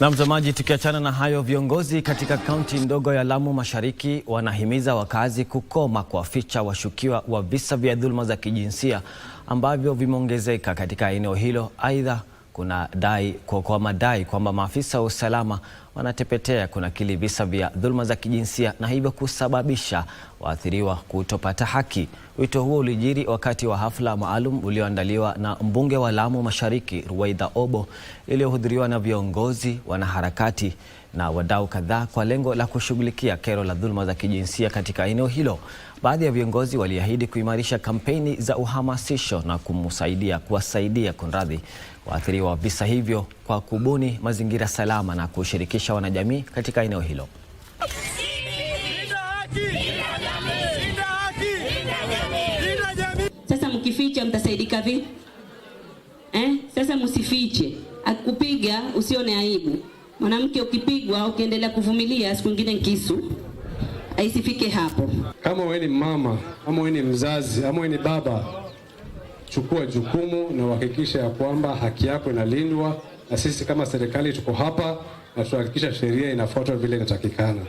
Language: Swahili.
Na mtazamaji, tukiachana na hayo, viongozi katika kaunti ndogo ya Lamu Mashariki wanahimiza wakazi kukoma kuwaficha washukiwa wa visa vya dhuluma za kijinsia ambavyo vimeongezeka katika eneo hilo. Aidha, kuna dai kwa, kwa madai kwamba maafisa wa usalama wanatepetea kunakili visa vya dhuluma za kijinsia na hivyo kusababisha waathiriwa kutopata haki. Wito huo ulijiri wakati wa hafla maalum ulioandaliwa na mbunge wa Lamu Mashariki Ruwaidha Obo iliyohudhuriwa na viongozi, wanaharakati na wadau kadhaa kwa lengo la kushughulikia kero la dhuluma za kijinsia katika eneo hilo. Baadhi ya viongozi waliahidi kuimarisha kampeni za uhamasisho na kumsaidia kuwasaidia kunradhi waathiriwa wa visa hivyo kwa kubuni mazingira salama na kushirikisha wanajamii katika eneo hilo. ukificha mtasaidika vipi? Eh, sasa msifiche. akupiga usione aibu. Mwanamke ukipigwa, ukiendelea kuvumilia, siku nyingine kisu aisifike hapo. Kama wewe ni mama ama wewe ni mzazi ama wewe ni baba, chukua jukumu na uhakikisha ya kwamba haki yako inalindwa, na sisi kama serikali tuko hapa na tuhakikisha sheria inafuatwa vile inatakikana.